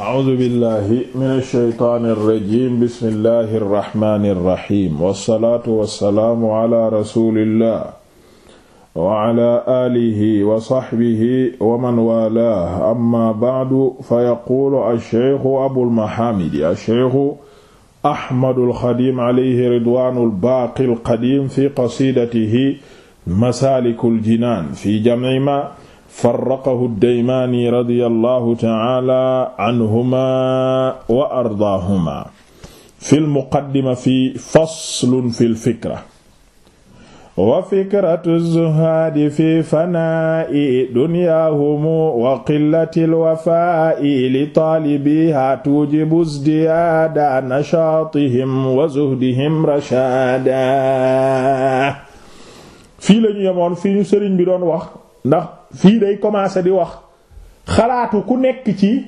a'uuzu billahi mina shaytaani rajiim bismillahi rahmaani rahiim wasalaatu wasalaamu ala rasulillah wa ala aalihi wa saxbihi wa man waalaahu amma ba'du fa yaquulu ash-shaykhu abul mahaamidi ash-shaykhu ahmadul xadiim alayhi ridwaanul baaqil qadiim fi qasiidatihi masaalikul jinaan fi jam'i maa farraqahu daymaani radiyallahu ta'ala anhuma wa ardaahuma fil muqaddima fi faslun fil fikra wa fikratu zuhaadi fi fanaa'i dunyaahum wa qillatil wafaa'i li taalibihaa tuujibu izdiyaada nashaatihim wa zuhdihim rashaada fii lañu yemoon fii ñu sëriñ bi doon wax ndax fii day commencer di wax xalaatu ku nekk ci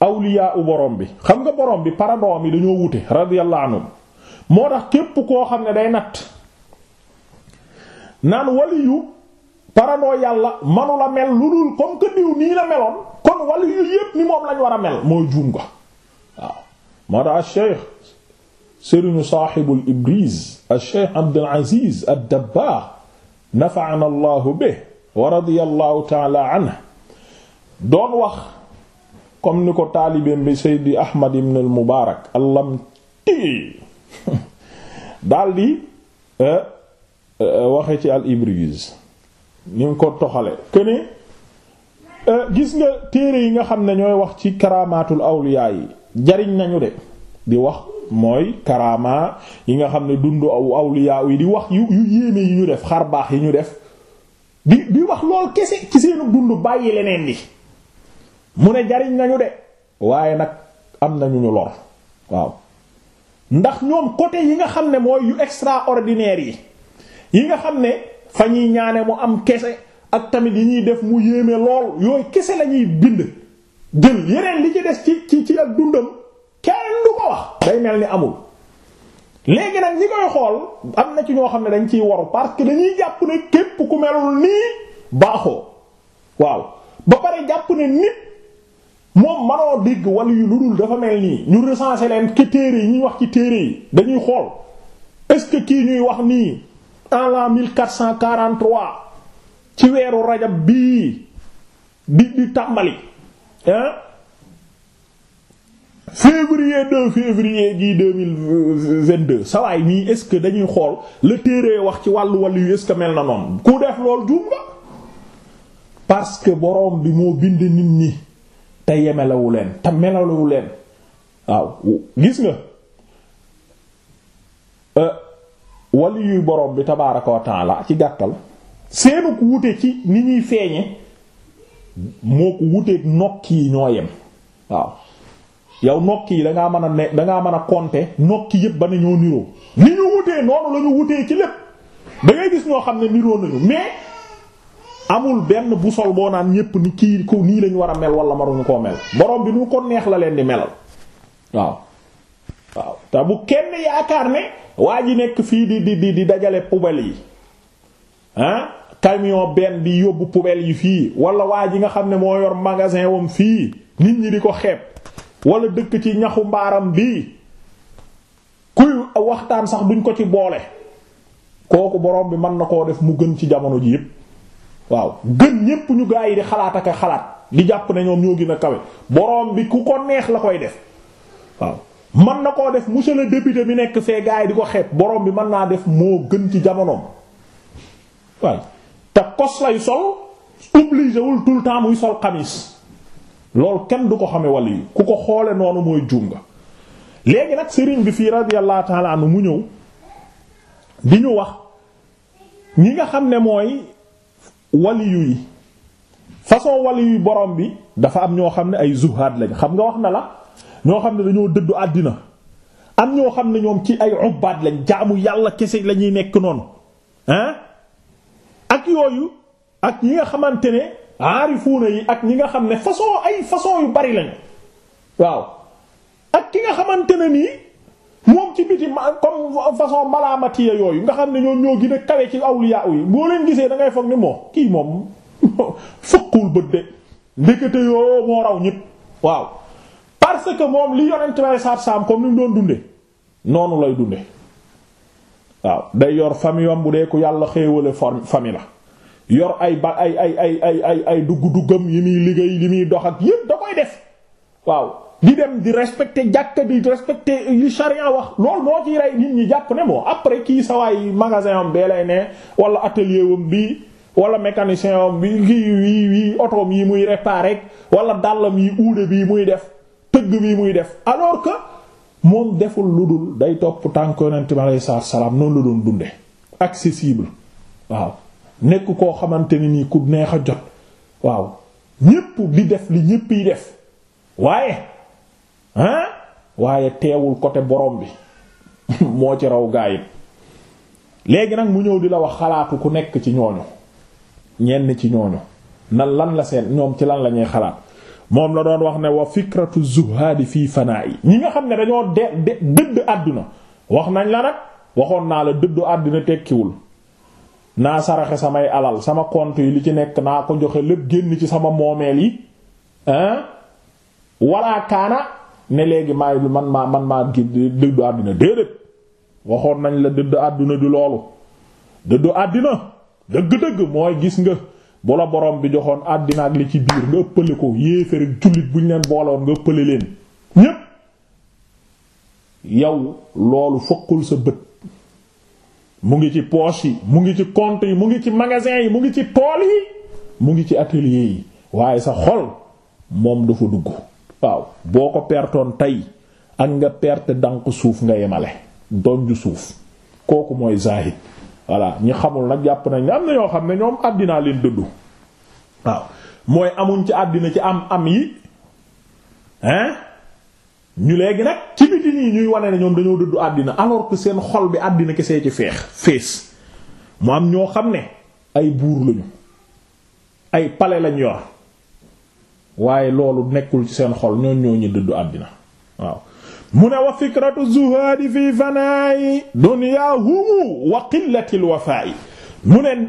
awliya u borom bi xam nga borom bi parandoom mi dañoo wute radiyallahu anhu moo tax képp koo xam ne day natt naan waliyu parandoo yàlla manu la mel lu dul comme que nii la meloon kon waliyu yépp ni moom lañ war a mel mooy juum nga waaw moo tax acheikh sëriñu saaxibul ibriz acheikh abdul aziz ad-dabbaax nafaana allahu wa radiyallahu taala anhu doon wax comme ni ko taalibeem bi Seydi Ahmad ibn al Mubaarak allamti daldi eh, eh, waxee ci al Ibriz ni nga ko toxale këne eh, gis nga téere yi nga xam ne ñooy wax ci karamaatul awliyaa yi jariñ nañu de di wax mooy karama yi nga xam ne dund aw awliyaa yi di wax yu yu yéeme yi ñu def xar baax yi ñu def di di wax lool kese ci seenu dund bàyyi leneen li mu ne jariñ nañu de waaye nag am nañu ñu lor waaw ndax ñoom côté yi nga xam ne mooy yu extraordinaire yi yi nga xam ne fa ñuy ñaane mu am kese ak tamit yi ñuy def mu yéeme lool yooyu kese lañuy bind jël yeneen li ci des ci ci ci ak dundam kenn du ko wax day mel ni amul léegi nag ñi koy xool am na ci ñoo xam ne dañ ciy waru parce que dañuy jàpp ne képp ku melul nii baaxoo waaw ba pare jàpp ne nit moom manoo dégg wala yu ludul dafa mel nii ñu recenser leen ke téere yi ñuy wax ci téere yi dañuy xool est-ce que kii ñuy wax nii en l'an 1443 ci weeru rajab bii bi di tàmbali hein février 2 février gii 2022 sawaay nii est-ce que dañuy xool la téeree wax ci wàllu wàllu yu est-ce mel na noonu ku def lool juum nga parce que boroom bi moo bind nit ñi te yemelewu leen te melewu waaw gis nga euh, wàllu yuy boroom bi tabaaraka wa taala ci gàttal seenu ku wute ci ni ñuy feeñe moo ko wuteeg nokk yi ñoo yem waaw yow nokki yi dangaa mën a ne dangaa mën a compter nokki yëpp ba ne ñoo niroo ni ñu wutee noonu la wutee ci lépp da ngay gis ñoo xam ne niroo nañu mais amul benn bu sol boo naan ñépp ni kii ko nii lañu war a mel wala maruñu koo mel borom bi nu ko neex la leen di melal waaw waaw bu kenn yaakaar ne waa ji nekk fii di di di di dajale poubelle yi ah camion benn bi yóbbu poubelle yi fii wala waa ji nga xam ne moo yor magasin wam fii nit ñi di ko xeeb wala dëkk ci ñaxu mbaaram bi kuy waxtaan sax duñ ko ci boole kooku boroom bi mën na koo def mu gën ci jamono ji yépp waaw gën ñépp ñu gaa yi di xalaat ak xalaat di jàpp ne ñoom ñoo gën a kawe borom bi ku ko neex la koy def waaw mën na koo def monsieur le député bi nekk fee gaa yi di ko xeeb borom bi mën naa def moo gën ci jamonoom waaw te kos lay sol obligé wul tout sol xamis lool kenn du ko xame wàllu yi ku ko xoole noonu mooy juum léegi nag sëriñ bi fii radiyallahu ta'ala mu ñëw di ñu wax ñi nga xam ne mooy waliyu yi façon waliyu borom bi dafa am ñoo xam ne ay zuhaad lañ xam nga wax na la ñoo xam ne dañoo dëddu àddina am ñoo xam ne ñoom ci ay ubbaad lañ jaamu yàlla kese lañuy nekk noonu hein ak yooyu ak ñi nga xamante ne aarifuuna yi ak ñi nga xam ne façon ay façon yu bari lañu waaw ak ki nga xamante ne nii moom ci biti comme façon malaamatiya yooyu nga xam ne ñoo ñoo gën a kawe ci awliya yi boo leen gisee da ngay foog ni moo kii moom fëqul bët de ndekete yoo moo raw ñëpp waaw parce que moom li yonent lay saat-saam comme ni doon dunde noonu lay dunde waaw day yor famille am bu dee yàlla xéewale famille la yor ay ba ay ay ay ay ay ay dugg-duggam yi muy liggéey li muy dox ak yépp da koy def waaw di dem di respecter jàkk di respecter yu charia wax loolu moo ciy rey nit ñi jàpp ne moo après kii sawaay magasin am bee lay ne wala atelier wam bi wala mécanicien am bi kii wii wii yi muy réparer wala dàllam yi uude bi muy def tëgg bi muy def alors que moom deful lu dul day topp tànk yonent bi alayhi salaam noonu la doon dunde accessible waaw nekk koo xamante ni nii ku neex a jot waaw ñépp di def li ñépp yi def waaye hein waaye teewul côté borom bi moo ci raw gaa yi léegi nag mu ñëw di la wax xalaatu ku nekk ci ñooñu ñenn ci ñooñu nan lan la seen ñoom ci lan la ñuy xalaat moom la doon wax ne wa fikratu zuhaadi fii fanaa yi ñi nga xam ne dañoo de dëdd àdduna wax nañ la nag waxoon naa la dëddu àdduna tekkiwul naa saraxe samay alal sama kont yi li ci nekk naa ko joxe lépp génn ci sama moomeel yi hein walla kaana ne léegi maay man maa man maa dëddu àddina déedéet nañ la dëddu àddina du loolu dëddu àddina dëgg-dëgg mooy gis nga bu la borom bi joxoon àddina li ci biir nga ëppale ko yéefar ak jullit bu ñu leen booloon nga ëppale leen ñépp yow loolu foqul sa bët mu ngi ci poche yi mu ngi ci compte yi mu ngi ci magasin yi mu ngi ci tool yi mu ngi ci atelier yi waaye sa xol moom dafa dugg waaw boo ko pertoon tey ak nga perte dànk suuf nga yemale donju suuf kooku mooy zahid voilà ñi xamul nag jàpp nañ ne am na ñoo xam ne ñoom àddinaa leen dëddu waaw mooy amuñ ci àddina ci am am yi hein ñu léegi nag ci biti nii ñuy wane ne ñoom dañoo dëddu àddina alors que seen xol bi àddina kese ci feex fees mu am ñoo xam ne ay buur lañu ay pale lañ yor waaye loolu nekkul ci seen xol ñoo ñoo ñu dëddu àddina waaw mu ne wa fikratu zuhaadi fi fanaayi duniyaahumu wa qillatil wafaayi mu ne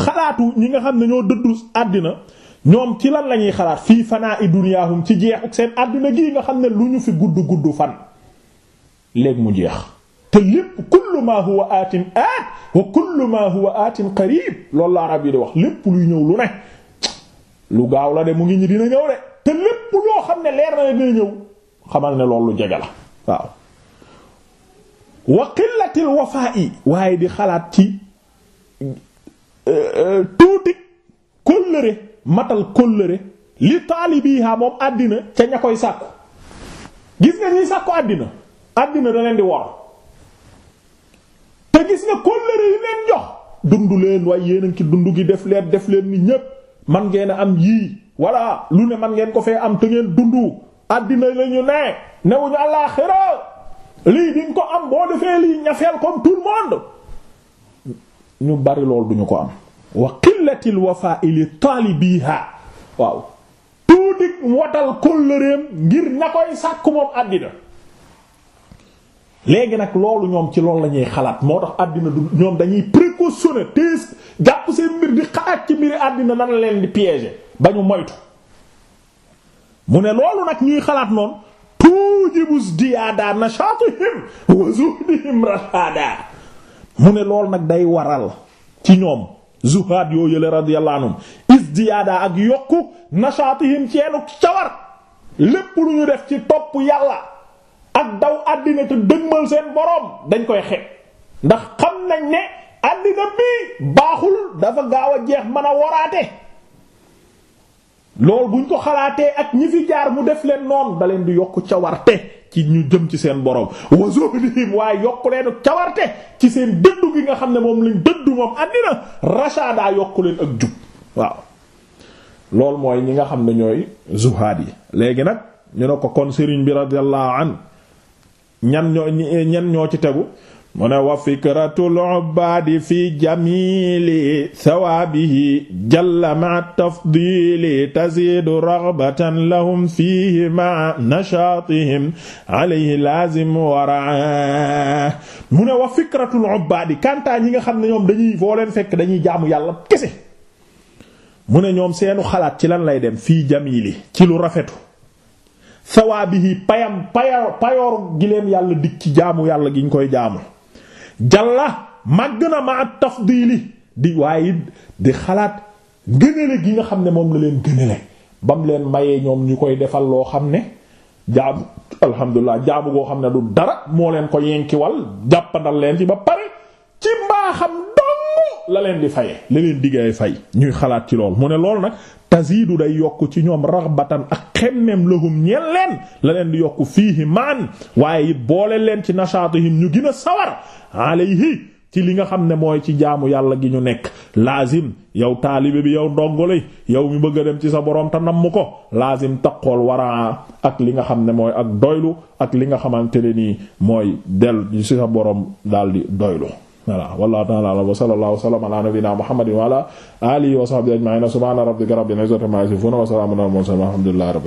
xalaatu ñi nga xam ne ñoo dëddu àddina ñoom ci lan lañuy xalaat fii fanaa i dunyaahum ci jeexuk seen àdduna gi nga xam ne lu ñu fi gudd gudd fan léegi mu jeex te lépp kullu ma huwa aatin aat wa kullu ma huwa aatin qarib loolu la arab yi di wax lépp luy ñëw lu ne lu gaaw la de mu ngi ñi dina ñëw de te lépp loo xam ne leer na ne dina ñëw xamal ne loolu jege la waaw wa qillatil wafaa'i waaye di xalaat ci matal kóllëre li taalibiha moom àddina ca ña koy sàkku gis nga ñuy sàkku àddina àddina da leen di wor te gis nga kóllëre yi leen jox dund leen waaye yéen dund gi def leen def leen ni ñépp man ngeen am yii walla lu ne man ngeen ko fee am te ngeen dundu àddina la ñu ne newuñu àllaaxira lii di nga ko am boo defee lii ñafeel comme tout le monde ñu bari lool duñu ko am wa qillati alwafaa'i li taalibiha waaw tuuti watal kóllëreem ngir ña koy sàkku moom àddina léegi nag loolu ñoom ci loolu la ñuy xalaat moo tax àddina du ñoom dañuy précautionné tees jàpp seen mbir di xalaat ci mbiri àddina nan la leen di piéger ba ñu moytu mu ne loolu nag ñuy xalaat noonu tuujibus diyaada nashaatihim wa zuhdihim rasaada mu ne loolu nag day waral ci ñoom zuhaad yoo yële radiyallahu anhum isdiyaada ak yokku nashaatihim ceenu cawar lépp lu ñu def ci topp yàlla ak daw àddina te dëgmal seen boroom dañ koy xeeb ndax xam nañ ne àddina bii baaxul dafa gaaw a jeex mën a waraate loolu buñ ko xalaatee ak ñi fi jaar mu def leen noonu da leen di yokk cawarte ci ñu jëm ci seen borom waa waaye yokku cawarte ci seen dëddu bi nga xam ne moom lañ dëddu moom àddina rashada yokku leen ak jub waaw loolu mooy ñi nga xam ne ñooy zuhaad yi léegi nag ñu ne ko kon sëriñ bi radiyallahu an ñan ñoo ñan ñoo ci tegu mu ne wa fikratul ubbaadi fi jamili sawaabihi jalla ma tafdili taziidu raghbatan lahum fiihi ma nashaatihim alayhi laazim wara mu ne wa fikratul ubbaadi nga xam ne ñoom dañuy foo fekk dañuy jaamu yàlla mu ne ñoom seenu xalaat ci lan lay dem fii jamili ci lu rafetu sawaabihi payam payoor gi leen yàlla dig ci jaamu yàlla gi ñu koy jaamu jalla màgg na ma at tafdili di waaye di xalaat gënale gi nga xam ne moom la leen gënale ba mu leen mayee ñoom ñu koy defal loo xam ne jaabu alhamdulilah jaabu goo xam ne du dara moo leen ko yenkiwal jàppandal leen ci ba pare ci mbaaxam la leen di faye la leen diggaay fay ñuy xalaat ci lool mu ne lool nag tazidu day yokk ci ñoom raxbatan ak xemmem lahum ñeel leen la leen di yokk fiihi maan waaye it boole leen ci nashaatihim ñu gën a sawar alayhi ci li nga xam ne mooy ci jaamu yàlla gi ñu nekk laazim yow taalibe bi yow ndongole yow mi bëgg a dem ci sa borom te namm ko laazim taqool waraa ak li nga xam ne mooy ak doylu ak li nga xamante ne nii mooy del ci sa borom daal di doylu voilà wallahu ta'ala wa sallallahu wa sallama ala nabiyyina muhammadin wa ala alihi wa sahbihi ajma'in subhana rabbika rabbil izzati amma yasifun wa salamun alal mursalin walhamdulillahi rabbil